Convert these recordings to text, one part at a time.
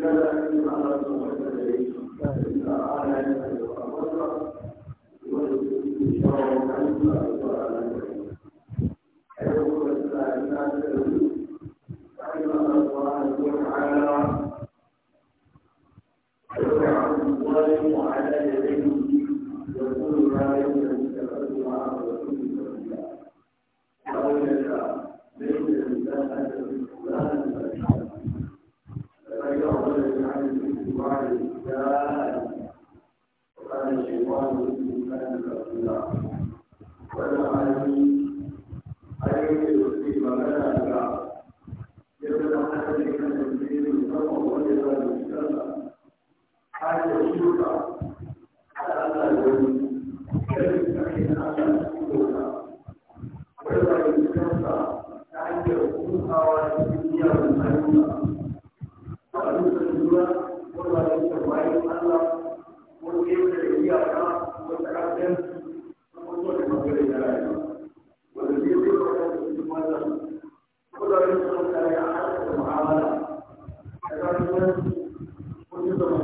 Thank you. ولا عليه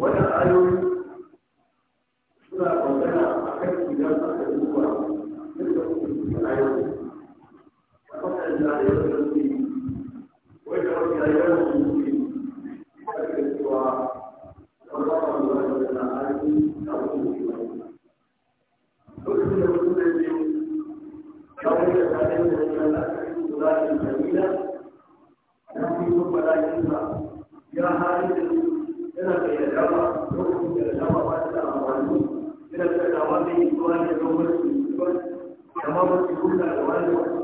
wani ayoyi suna magana a kan idan aka duba yadda kuke da ayoyi a kan da ya zama wanda wani ayoyi da suke ake cewa wani ayoyi da na ayoyi na wani lokacin da mutum zai biyu kawai da ta yi da ya la'akari da za a yi da ya fi yi ya halin da yana mai da dama lokacin da dama ba ta da amfani yana da dama mai yi zuwa da yawan wasu amma wasu kuma da wani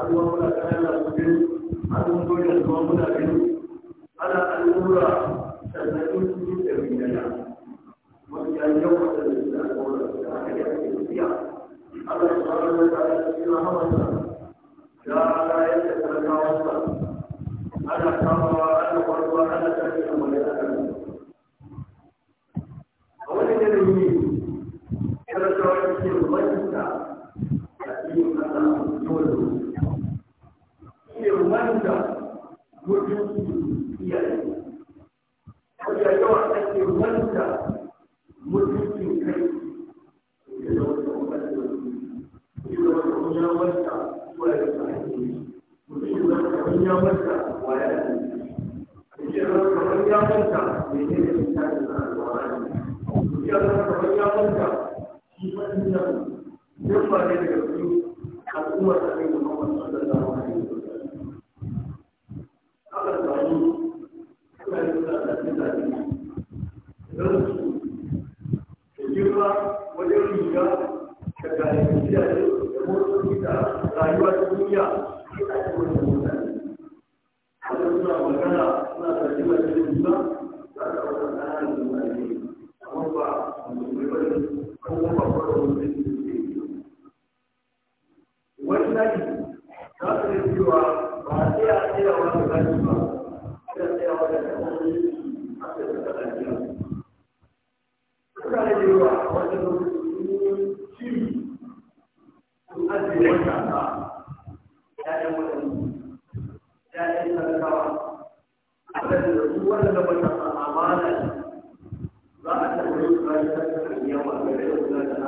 a ruwan muna kayan labarai biyu, ruwan muna biyu ya zama kamar ya shi ne daga cikin al'ummar da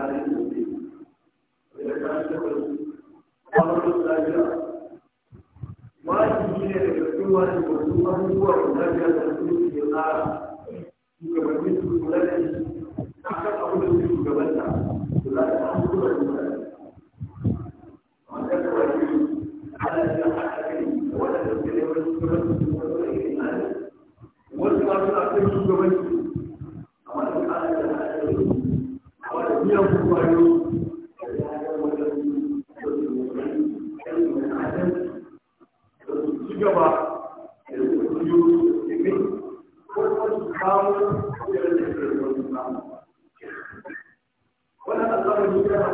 عليه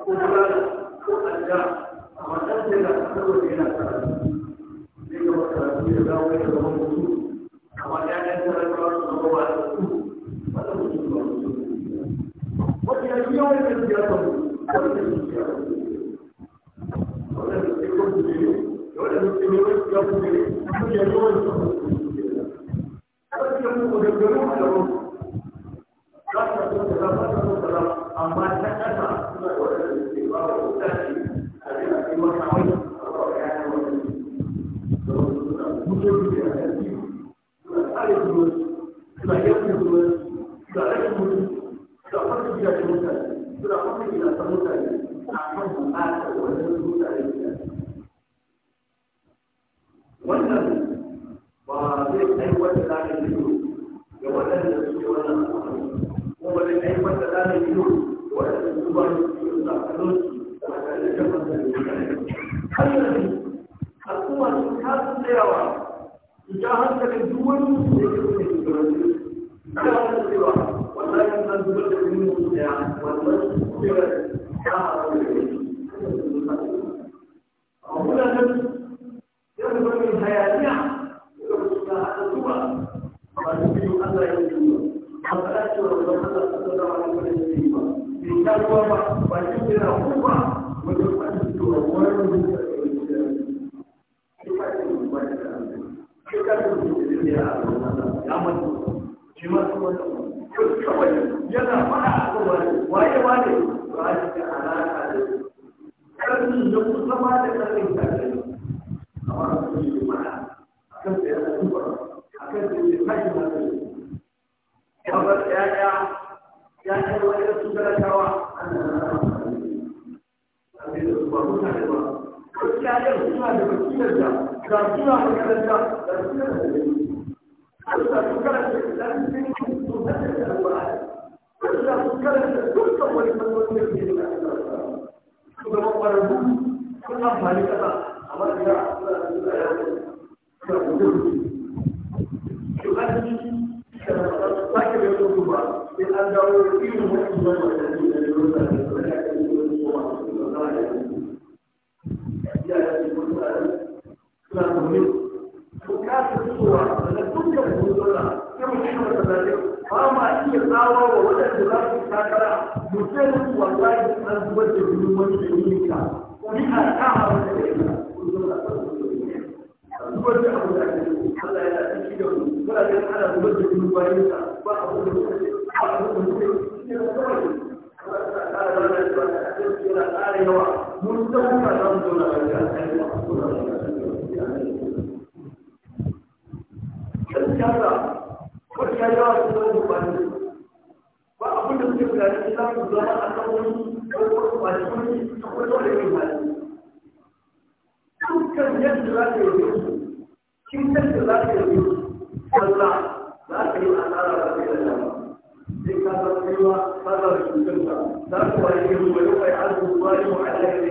ko ba ko adda amma dan da ka tabbata yana karatu ne ga wata da dawo da zama da ba da basirar da ga suna makaranta muke tsawa wa waɗanda za su takara mu ce musu wallahi an zubar da jini wani da yi ka ni a kama wani da yi ka zubar da abu da ake Allah ya ta shi da mu muna ganin ana zubar da jini bayan ka ba abu da muke ba abu da ne da yi yana ƙara mu ta wata yawa ba abin da suke gudanar da za su zama a kan wani ɗaukar kwanakuni akwai dole yin ba dukkan yadda za ka yi su kin yadda za ka yi su wanda za ka yi asara ba kai da sai ka san kaiwa ka za ka ka za ka wani yi ruwa yau ai arzu ba yi wa alaƙa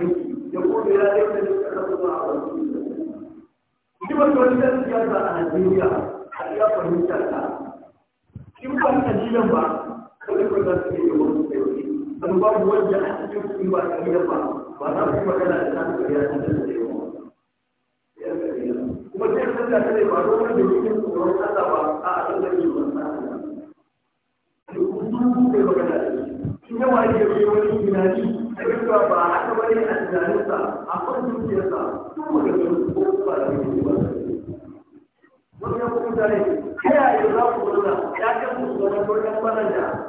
ya kuma ya yi ta duka na kuma a wasu shi ba ta wani siyasa a Najeriya a iya fahimtar ta. Kin ba ta jilan ba, kawai za su yi da tsayoyi don babu wanda a cikin su ba a gida ba ba za su yi magana da ta su kariya sun da yawa kuma sai sun da ta ne ba don wanda ya yi tsoron Allah ba a a ɗan da ke ba sa Allah su kai magana da shi shi yawa ne ya wani tunani a yadda ba a haka bane a tunaninsa a kan zuciyarsa sun magana ko ba da wani ba wani ya kuma mutane ta za ku zauna ya kan musu wani farkon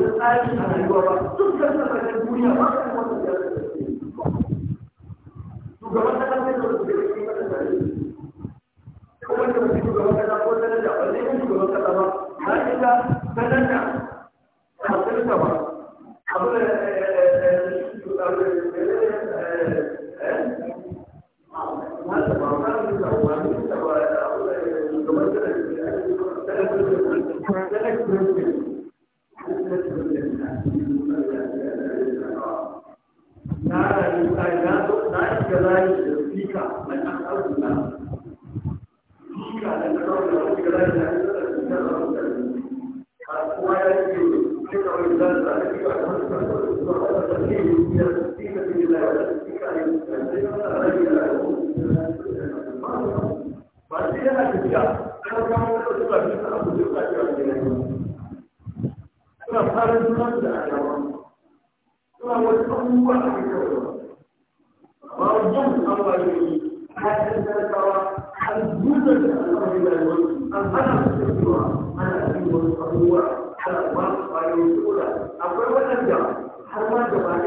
da tsarin a rayuwa ba duk da sassan ba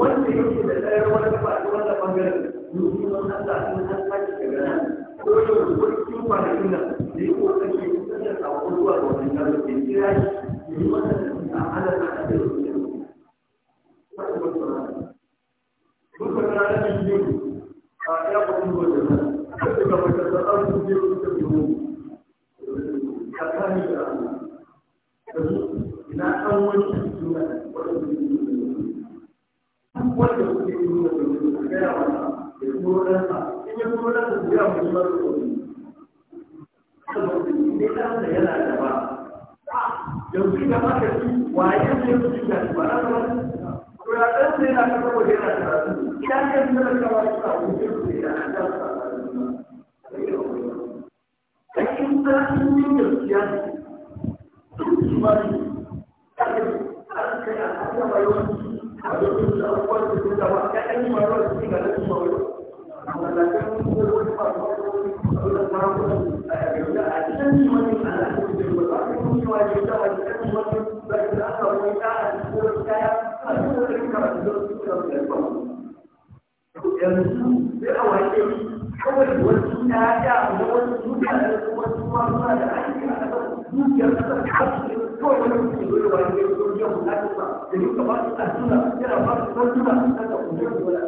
wanda yake da tsayar wani faɗi wanda ɓangaren yanzu don Allah sun san sake daga ko da wani kwanakin nan da yi ko kake kusan da sako zuwa ga wannan yaro da kira shi yi masa turo ɗansa in ya turo ɗansa su ya mutu ba su kuɗi ne ɗansa yana da ba yanzu da maka shi waye ne su ji gashi ba ɗansa ba ko ɗan ɗansa yana da saboda yana da rasu ya ce su da kawai suna yanzu sai a wace kawai wasu na da na wasu mutane su wasu ma da aiki a kasar dukiyar kasar ta su kawai wani su zo da wani ne su yi mu ta ba da yi ka ba su ta suna yana ba su ta suna ta ka kuma yi wala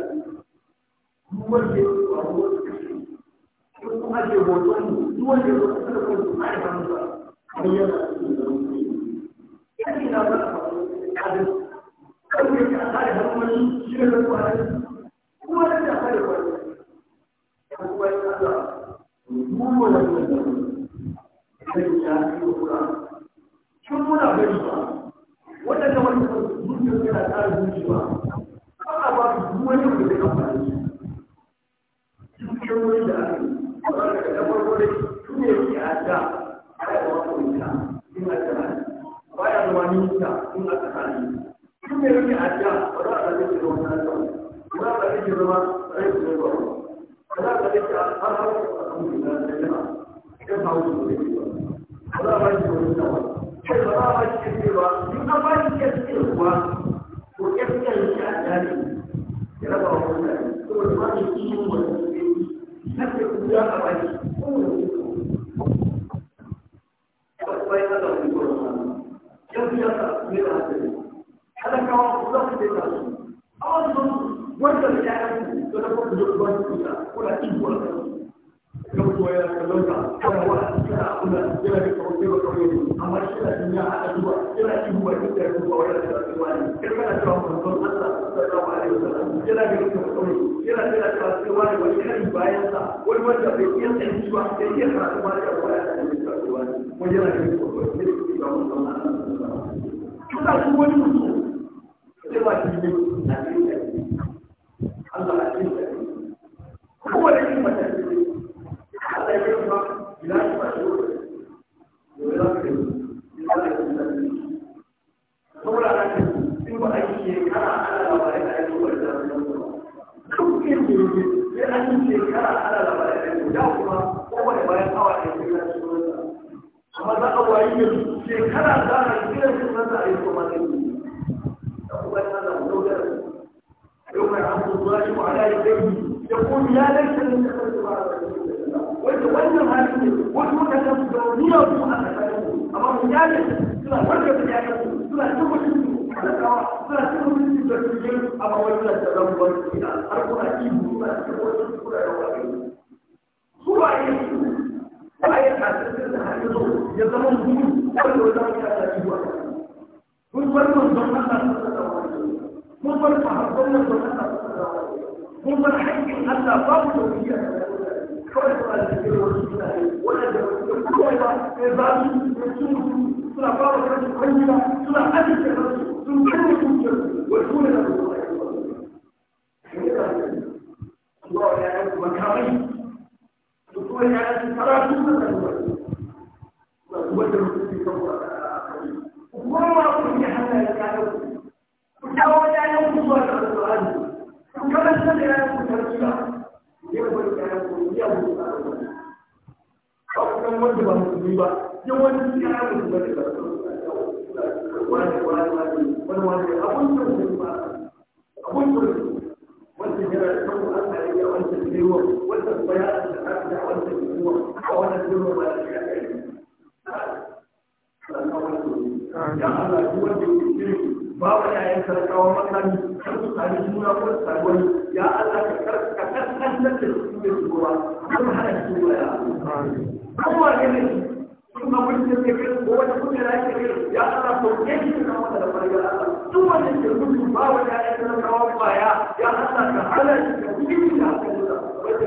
duk wanda ya zo a wasu kashe ko kuma ke hoton mu duk wanda ya zo kasar ko su ya ba mu ba har yana su da wani ne. Ina ba a faru da kadin. Kawai ka kare hankali shi ne da kwanan kuma da ta fara kuma ya da mu sai ya yi kura kun muna bari ba wadanda wanda mun tsara ba ba wani da shi yi da kuma da ne ya ta wa ta ina ta wani kuma Wani da wani kari bayan sa wani wanda bai iya tsanci ba bai iya karantarwa da wani da bai iya karantarwa wani yana da kuma wani da ke zama a nan. Kusa wani mutum zai ba shi ne cikin abubuwan da zan bar su ina har kuna ci kuna cikin wasu kuna da wani su ba yi su ba yi a cikin da har yanzu ya zama mutum wanda wata wata ta ci wa mun bar mun don Allah su da wani mun bar sahabban nan don Allah su da wani mun bar haƙƙin Allah babu tauhiyya kawai ba da cikin wasu mutane wanda da kuma ba sai za su su suna fara rashin kwangila suna ajiye rashin sun kanya zuciyar wasu ne da su ba zuwa yayan su makamai su kuma yayan su karatu da da zuwa suna zuwa da rukunin kan kuwa kuma ma ku yi hana ya kayan ku dawo yayan ku zuwa da alƙur'ani ku karanta da yayan ku tarbiyya ku yi wa yayan ku yi wa faɗan wanda ba musulmi ba yawanci ya yi musu ba wani wani wani wani abun da ba abun da wanda kan Allah ya wanda ke yi wa wanda ba ya da wanda ke yi wa ya ya Allah duk wanda ke yi ba wa makami kar su sami juna ko su sami wani ya Allah ka kar ka kaskantar da su da su gowa hana su ya kuma ne ne ce ke ko ya ke ya Allah ko ke shi na wata da farga Allah ke ba wani ya yi na kawo baya ya Allah ka hana shi ka da wata da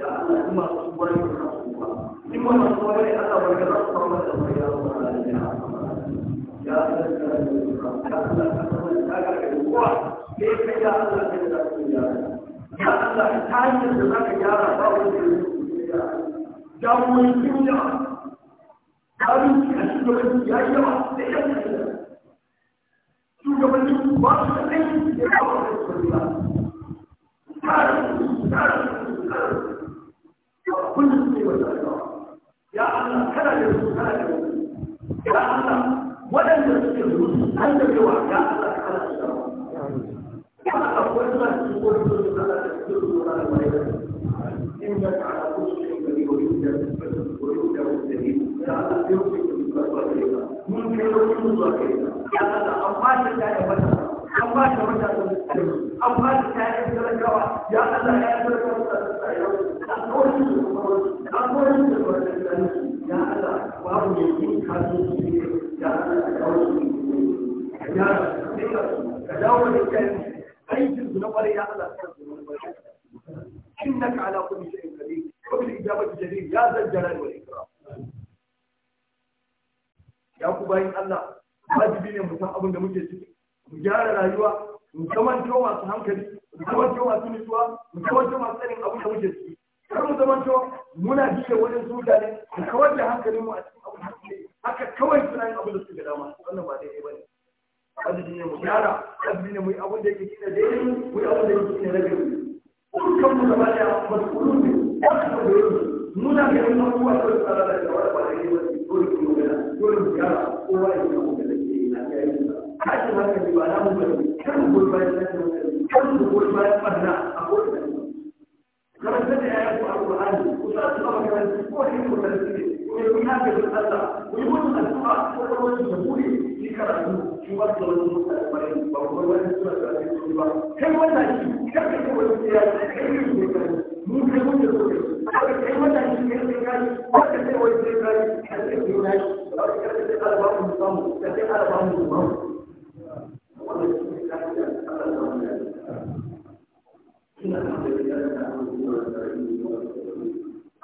ya Allah kuma su ba Allah Ya Allah, kada da su, kada da su. Ya waɗanda suke rusu an da yawa ya Allah ta ala su kuma akwai suna cikin wani su da ala da suke rusu ala wani da in da ta ala ko su ne gari ko yin da ko yin da wani da ne da ala da yau ke yin da ba ne ba mun ke lokacin zuwa kai ya Allah an ba shi da ya wata an ba shi wata da an ba shi da ya talakawa ya Allah ya talakawa da ta yau an kawai su da kuma an kawai su da wani da ya Allah babu ne yin kasu su ne da ka dawo na kwarai ya ala kulli ya ya Allah ne abin da muke gyara rayuwa mu zamanto masu hankali mu zamanto masu nutsuwa mu zamanto masu tsarin da muke kar mu muna biye wajen su mutane mu kawar da hankalin mu a cikin abin da muke haka kawai suna yin abin da suke dama wannan ba daidai ba ne da ne mu gyara abin ne mu yi abin da yake shine daidai mu yi abin da yake shine na gari mu gaba daya mas'ulun ne kuma da yake muna ganin abubuwa da tsara da wani ba daidai ba ne dole mu gyara dole mu gyara kowa ya samu da yake na yayi kashi ma kan ba na mu Kuma kar mu goyi bayan kashi ma kan mu da bayan barna a kowace karanta da yayan ku alƙur'ani ku sa su ba Kuma ko kai ku karanta ku na Allah ku yi wannan addu'a ko da wani ba ba ina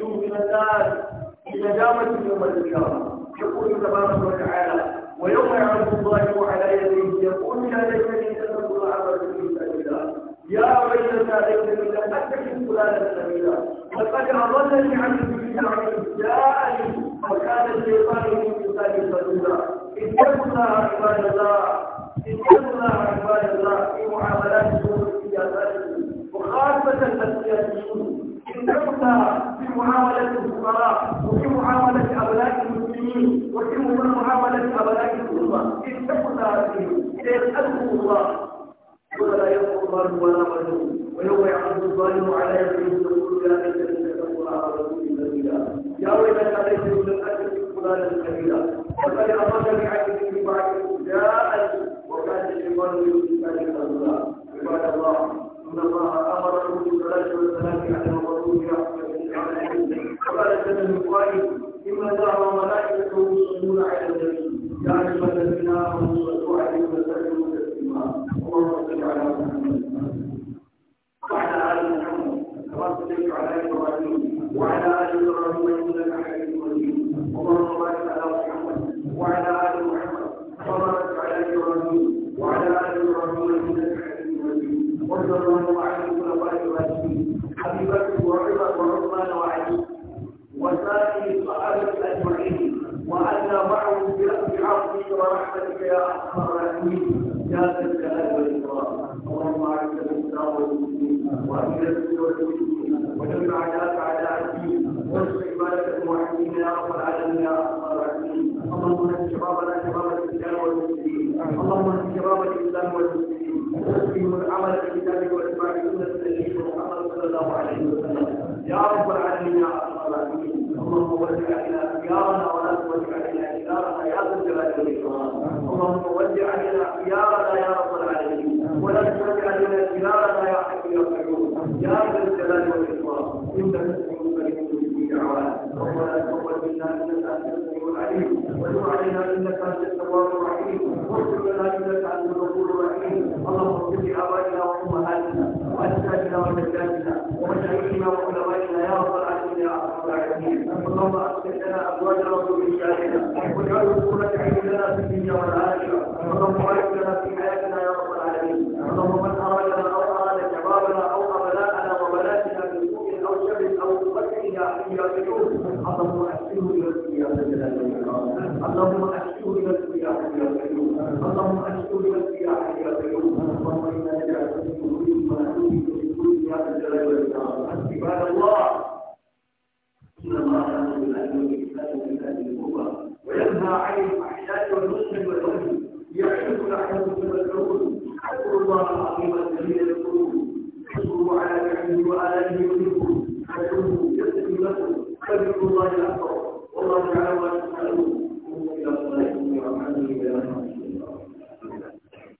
يوم الناس بندامة يوم القيامة يقول تبارك وتعالى ويوم يعرض الظالم على يديه يقول يا ليتني كتبت العمل في سبيلا يا ويلتى ليتني لم اتخذ فلانا سبيلا لقد اضلني عن سبيل العلم جاءني وكان الشيطان من انسان خذولا اتقوا الله عباد الله اتقوا الله عباد الله في معاملاتكم وسياساتكم وخاصه السياسيين استمتع في معاملة الفقراء وفي معاملة أبناء المسلمين وفي معاملة أبناء الأمة استمتع سيسأله الله ولا يقول الله ولا مجنون ويوم يعرض الظالم على يده يقول يا يا ذا الجلال والإكرام اللهم أعز الإسلام والمسلمين وأذل المشركين ودمر أعداءك أعداء واشف عبادك الموحدين يا رب العالمين يا أرحم الراحمين اللهم اهد شبابنا شباب الإسلام والمسلمين اللهم اهد شباب الإسلام والمسلمين واسقهم العمل بكتابك واتباع سنة محمد صلى الله عليه وسلم يا رب العالمين يا أرحم الراحمين اللهم وجه إلى خيارنا ولا توجه إلى خيارنا يا ذا الجلال والإكرام اللهم وجه لنا خيارنا يا رب العالمين ولا تجعل لنا خيارنا يا حي يا قيوم يا ذا الجلال والاكرام انك تكون كريم في دعوانا ربنا تقبل منا انك انت السميع العليم وتب علينا انك انت التواب الرحيم واغفر لنا انك انت الغفور الرحيم اللهم اغفر لابائنا وامهاتنا واجدادنا وجداتنا اللهم اصلح لنا ازواج وذرياتنا واجعل قرة في الدنيا والاخره اللهم بارك لنا في حياتنا يا رب العالمين اللهم من ارادنا او اراد شبابنا او ابناءنا وبناتنا بسوء او شر او فقر يا حي يا قيوم اللهم احسنه الى القيامه يا اللهم احسنه الى القيامه يا قيوم اللهم احسنه الى القيامه يا قيوم اللهم انا نجعلك في قلوبنا في كل يا عباد الله إن الله يأمر بالعدل والإحسان وإيتاء ذي القربى وينهى عن الفحشاء والمنكر والبغي لعلكم تذكرون اذكروا الله العظيم الجليل يذكركم اشكروا على نعمه وآلائه يذكركم فادعوه يستجب لكم فاذكروا الله الأكبر والله تعالى ما تسألون قوموا